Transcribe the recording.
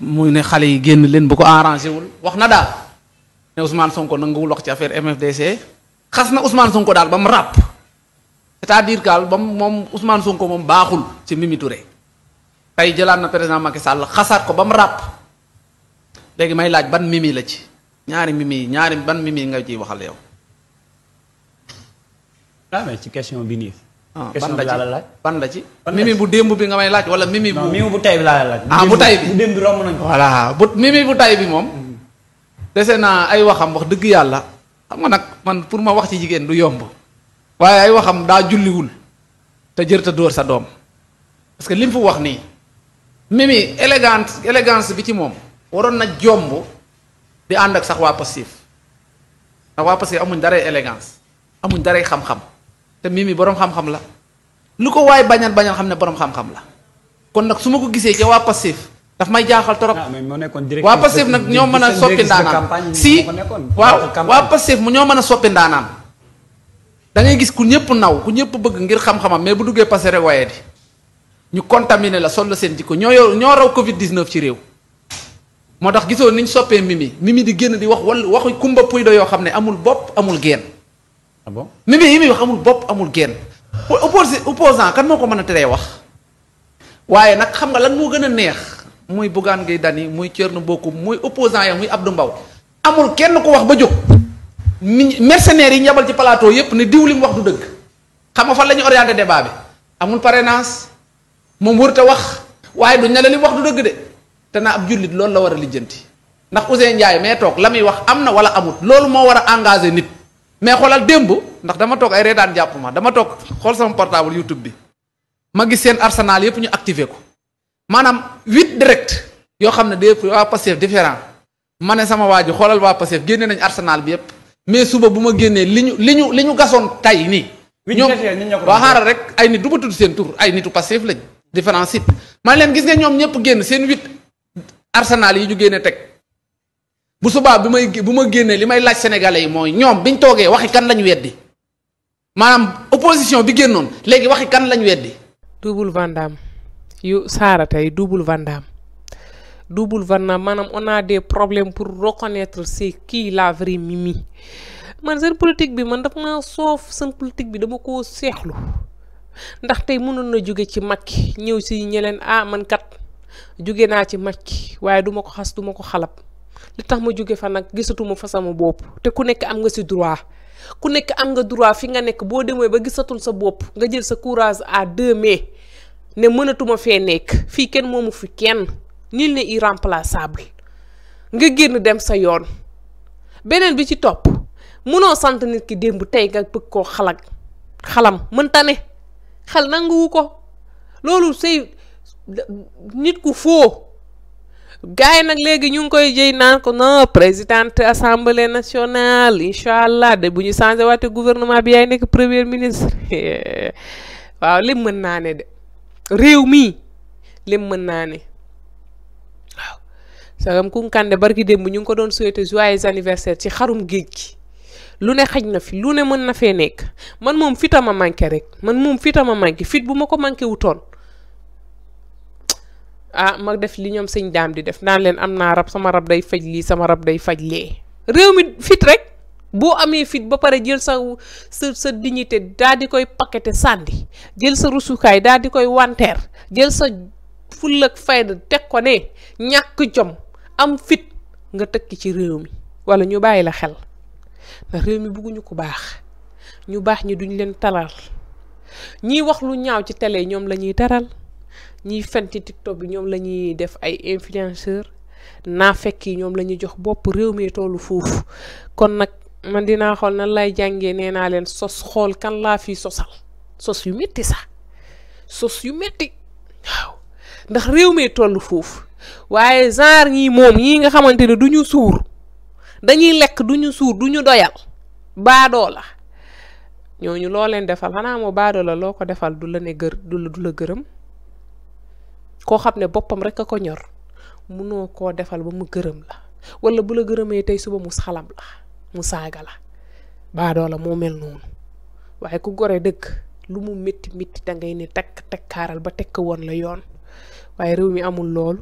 muy ne xalé yi génn leen bu ko arrangé wul wax na daal ne Ousmane Sonko nangu wax ci affaire MFDC xas na Ousmane Sonko daal bam rap c'est-à-dire que bam mom Ousmane Sonko mom baxul ci Mimi Touré tay na président Macky Sall xasaat ko bam rap légui may laaj ban mimi la ci ñaari mimi ñaari ban mimi nga ci waxal yow. ah mais ci question bi ni ban la ci ban mimi bu démb bi nga may laaj mimi bu mimi bu tay bi laa ah bu tay bi bu démb bi bu mimi bu tay bi moom na naa ay waxam wax dëgg yàlla xam nga nag man pour ma wax ci jigéen du yomb waaye ay waxam daa julliwul te jër te dóor sa doom parce que lim fu wax mimi élégance élégance bi ci moom waroon na jomb di ànd ak sax waa passif ndax waa passif amuñ daray élégance amuñ daray xam te mimi borom xam-xam la lu ko way bañal bañal xamne ne borom xam-xam la kon nak su ma ko gisee passif daf may jaxal torop wa passif nak ñoo soppi ndanam si wa passif mu ñoo mën soppi ndanam da ngay gis ku ñepp naw ku ñepp bëgg ngir xam-xamam mais bu duggé passé rek wayé di ñu contaminer la sol sen diko ñoo ñoo raw covid 19 ci réew motax gisoon niñ soppé mimi mimi di génn di wax wal waxu kumba puy do yo xamné amul bop amul génn ah bon mimi yi muy wax amul bopp amul génn opposé opposant kan moo ko mën a teree wax waaye nag xam nga lan moo gën a neex muy Bougane Gueye Dany muy Thierno Bocoum muy opposant ya muy du mbaw amul kenn ku wax ba jóg ni mercenaires yi ñu ci plateau yépp ne diw li wax du dëgg xam nga fa la ñu orienté débat bi amul parrainage moom wërte wax waaye duñ ne la li wax du dëgg de te na ab jullit loolu la war a lijjanti ndax Ousseyn Ndiaye mais toog la muy wax am na wala amut loolu moo war a engagé nit mais xolal demb ndax dama tok ay retane jappuma ma dama tok xol sama portable youtube bi ma gis sen arsenal yep ñu activer ko manam 8 direct yo xamne def wa passif différent mané sama waji xolal wa passif génné nañ arsenal bi yep mais suba buma génné liñu liñu liñu gasson tay ni ñom wa xara rek ay nit duma tuddu sen tour ay nitu passif lañ différent site man len gis nga ñom ñep génn sen 8 arsenal yi ñu génné tek bu suba bima may bu ma génnee li may laaj sénégalais yi mooy ñoom biñ toogee waxi kan lañ weddi maanaam opposition bi génnoon léegi waxi kan lañ weddi. double vandam yu saara tey double vandam double vandam maanaam on a des problèmes pour reconnaître c'est qui la vraie Mimi man seen politique bi man daf maa soof seen politique bi dama koo seexlu ndax tey mënoon na jóge ci Macky ñëw si ñeleen ah man kat jóge naa ci waaye duma ko xas duma ko xalab li tax ma jóge fa nag gisatuma fa sama bopp te ku nekk am nga si droit ku nekk am nga droit fi nga nekk boo demee ba gisatul sa bopp nga jël sa courage à deux mais ne mënatuma fee nekk fii kenn moomu fi kenn nil ne irremplaçable nga génn dem sa yoon beneen bi ci topp mënoo sant nit ki démb tey nga bëgg koo xalag xalam mënta ne xal nanguwu ko loolu say nit ku foo gars yi nag léegi ñu ngi koy jëy naan ko non présidente assemblée nationale incha allah de bu ñu changé waate gouvernement bi yaay nekk premier ministre waaw lim mën naa ne de réew mii lim mën naa ne waaw sagam kunkande barki bu ñu ngi ko doon souhaité joyeux anniversaire ci xarum géej gi lu ne xaj na fi lu ne mën na fee nekk man moom a manqué rek man moom fitama manqué fit bu ma ko manqué wutoon ah ma def li ñoom sëñ daam di def naan leen am naa rab sama rab day faj lii sama rab day faj lee réew mi fit rek boo amee fit ba pare jël sa sa sa dignité daal di koy paqueté sànni jël sa rusukaay daal di koy wanteer jël sa full ak fayda teg ko ne ñàkk jom am fit nga tëkki ci réew mi wala ñu bàyyi la xel ndax réew mi bugguñu ko baax ñu baax ñi duñ leen talal ñiy wax lu ñaaw ci tele ñoom lañuy ñuy ñiy fenti tiktok bi ñoom la def ay influenceur na fekk yi ñoom la ñuy jox bopp réew mi toolu foofu kon nak man dinaa xool nan lay jàngee nee naa sos xool kan la fi sosal sos yu métti sax sos yu métti waaw ndax réew mi toll foofu waaye genre ñii moom ñii nga xamante ne du ñu suur dañuy lekk du ñu suur du doyal baadoo la ñooñu lo len defal xanaa mo baadoo la loo defal du la ne gër du la du la koo xam ne boppam rekk a ko ñor munoo koo defal ba mu gërëm la wala bu la gërëmee tey suba mu xalam la mu saaga la baadoo la moo mel noonu waaye ku gore dëkk lu mu métti métti da ngay ne takk takkaaral ba tekk woon la yoon waaye réew mi amul loolu.